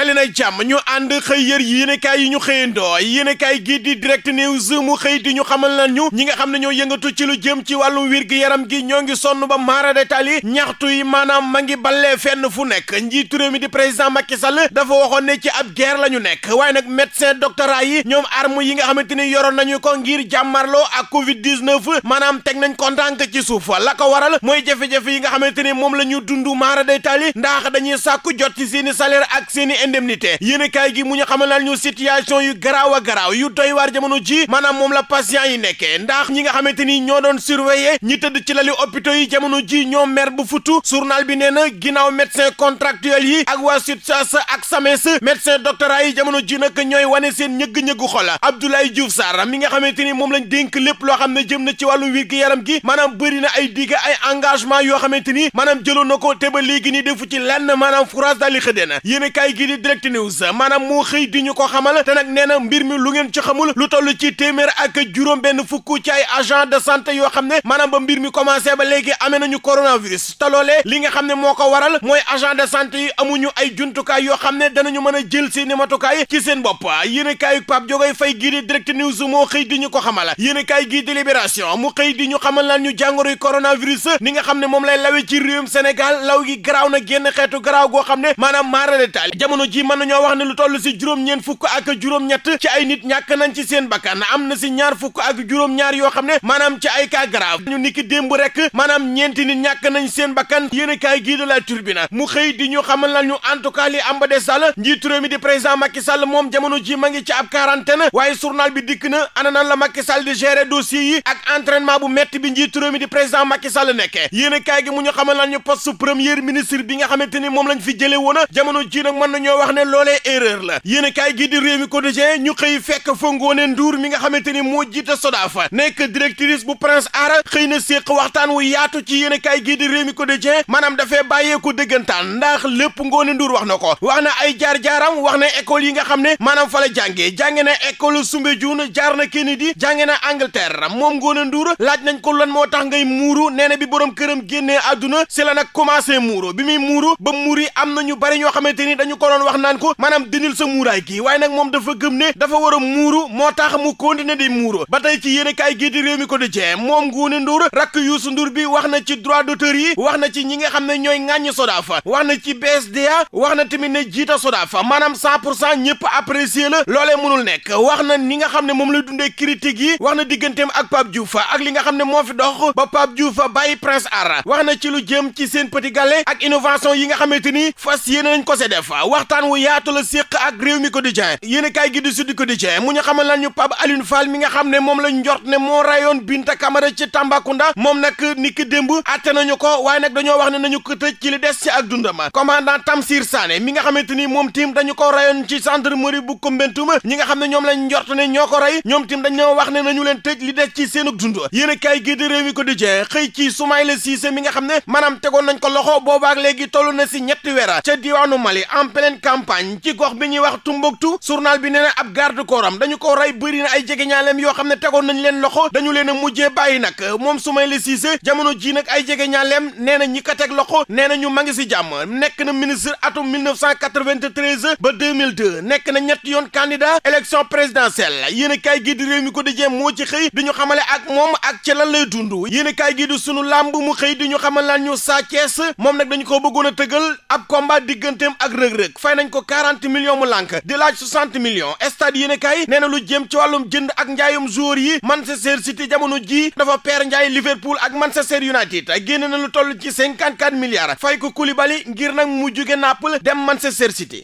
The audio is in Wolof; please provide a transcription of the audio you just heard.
dali na jàmm ñu ànd xëy yër yéenekaay yi ñu xëyandoo yéenekaay gi di direct news mu xëy di ñu xamal lan ñu ñi nga xam ne ñoo yëngatu ci lu jëm ci wàllum wér gi yaram gi ñoo ngi sonn ba maara détail yi ñaxtu yi maanaam ma ngi ballee fenn fu nekk njiitu réew mi di président Macky sal dafa waxoon ne ci ab guerre la ñu nekk waaye nag médecin doctorat yi ñoom arme yi nga xamante ni yoroon nañu ko ngir jàmmarloo ak covid 19 maanaam teg nañ kontank ci suuf la ko waral mooy jafe yi nga xamante ni moom la ñu dund maara détail yi ndax dañuy sàkku jot ci seeni salaire ak seeni indemnité yéen a kaay gi mu ñu xamal naan ñu situation yu garaaw a garaaw yu doy waar jamono ji maanaam moom la patient yi nekkee ndax ñi nga xamante ni ñoo doon surveiller ñi tëdd ci lali hôpitaux yi jamono ji ñoom mer bu futu journal bi nee na ginnaw médecin contractuel yi ak waa SUTSAS ak SAMES médecin doctorat yi jamono ji nag ñooy wane seen ñëgg-ñëggu xola Abdoulaye Diouf Sarr mi nga xamante ni moom lañ dénk lépp loo xam ne jëm na ci wàllu wér gi yaram gi maanaam bëri na ay digga ay engagement yoo xamante ni maanaam jëloon na ko te ba léegi ni defu ci lenn a direct news maanaam moo xëy di ñu ko xamal te nag nee na mbir mi lu ngeen ci xamul lu toll ci téeméer ak juróom benn fukk ci ay agent de santé yoo xam ne maanaam ba mbir mi commencé ba léegi amee nañu coronavirus te loolee li nga xam ne moo ko waral mooy agent de yi amuñu ay jumtukaay yoo xam ne danañu mën a jël seeni matukaay ci seen bopp yéen kaayu Pape Diogoy Faye gii di direct news moo xëy di ñu ko xamal yéen gii di libération mu xëy di ñu xamal naa ñu jàngoroy coronavirus ni nga xam ne moom lay lawe ci réewum Sénégal law gi garaaw na génn xeetu garaaw goo xam ne maanaam maarale taal jamono jii mën nañoo wax ne lu toll si juróom-ñeent fukk ak juróom-ñett ci ay nit ñàkk nañ ci seen bakkan am na si ñaar fukk ak juróom-ñaar yoo xam ne maanaam ci ay cas grave ñu niki démb rek maanaam ñeenti nit ñàkk nañ seen bakkan yéen a kaay gii la turbina mu xëy di ñu xamal la ñu en tout cas li am ba des daal di président Macky Sall moom jamono ji ma ngi ci ab quarantaine waaye journal bi dikk na ana nan la Macky Sall di gérer dossier yi ak entraînement bu metti bi njiitu réew mi di président Macky Sall a kaay gi mu bi nga xamante ni moom lañ fi jëlee woon jamono ji nag mën nañoo wax ne loolee erreur la yéenekaay gi di Rewmi Quotidien ñu xëy fekk fa Ngoone Ndour mi nga xamante ni moo jiite SODAF nekk directrice bu Prince Ara xëy na séq waxtaan wu yaatu ci yéenekaay gi di Rewmi Quotidien maanaam dafee ko dëggantaan ndax lépp Ngoone nduur wax na ko wax na ay jaar-jaaram wax na école yi nga xam ne maanaam fa la jàngee jànge na école Soumbédioune jaar na di jànge na Angleterre moom Ngoone Ndour laaj nañ ko lan moo tax ngay muuru nee na bi borom këram génnee àdduna si la nag commencé muuru bi muy muuru ba muuri am na ñu bari ñoo xamante ni dañu doon wax naan ko maanaam dindil sa muuraay gi waaye nag moom dafa gëm ne dafa war a muuru moo tax mu continuer di muuru ba tey ci yéen kaay gii di réew mi ko di jee moom Ngoné Ndour rakk Youssou bi wax na ci droit d'auteur yi wax na ci ñi nga xam ne ñooy ŋàññ Sodafa wax na ci BSDA wax na tamit ne jiita Sodafa maanaam cent pour cent ñëpp apprécier la loolee mënul nekk wax na ni nga xam ne moom lay dundee critique yi wax na digganteem ak Pape Diouf ak li nga xam ne moo fi dox ba Pape Diouf bàyyi Prince Art wax na ci lu jëm ci seen petit ak innovation yi nga xamante ni fas yéene nañ ko se waxtaan wu yaatu la séq ak réew mi quotidien yéen kaay gi di suddi quotidien mu ñu xamal ni ki démb atte nañu ko waaye nag dañoo wax ne nañu ko tëj ci li ak dundama mi nga xamante ni moom tim dañu ko rayoon ne ñoom lañ njort mi nga xam ne maanaam tegoon nañ ko loxo boobaak léegi toll na si ñetti weer ca diwaanu Mali en campagne ci gox bi ñuy wax Tumbuktu journal bi nee na ab garde corps dañu ko rey bëri na ay jege jegeñaaleem yoo xam ne tegoon nañ leen loxo dañu leen a bàyyi nag moom Soumaïla Cissé jamono ji nag ay jegeñaaleem nee na ñi ko teg loxo nee na ñu ma ngi si jàmm nekk na ministre atum 1993 ba 2002 nekk na ñetti yoon candidat élection présidentielle yéen a kaay gi di réew ko di jéem moo ci xëy di ñu xamale ak moom ak ci lan lay dund yéen a kaay gi di sunu làmb mu xëy di ñu xamal ñu Sa Thiès moom nag dañu ko bëggoon a tëgal ab combat digganteem ak rëg fay nañ ko 40 millions mu lànk di laaj 60 millions stade yéen a kaay nee na lu jëm ci wàllum jënd ak njaayum joueur yi Manchester City jamono jii dafa peer njaay Liverpool ak Manchester United génn na lu toll ci 54 milliards fay ko Koulibaly ngir nag mu jóge Naples dem Manchester City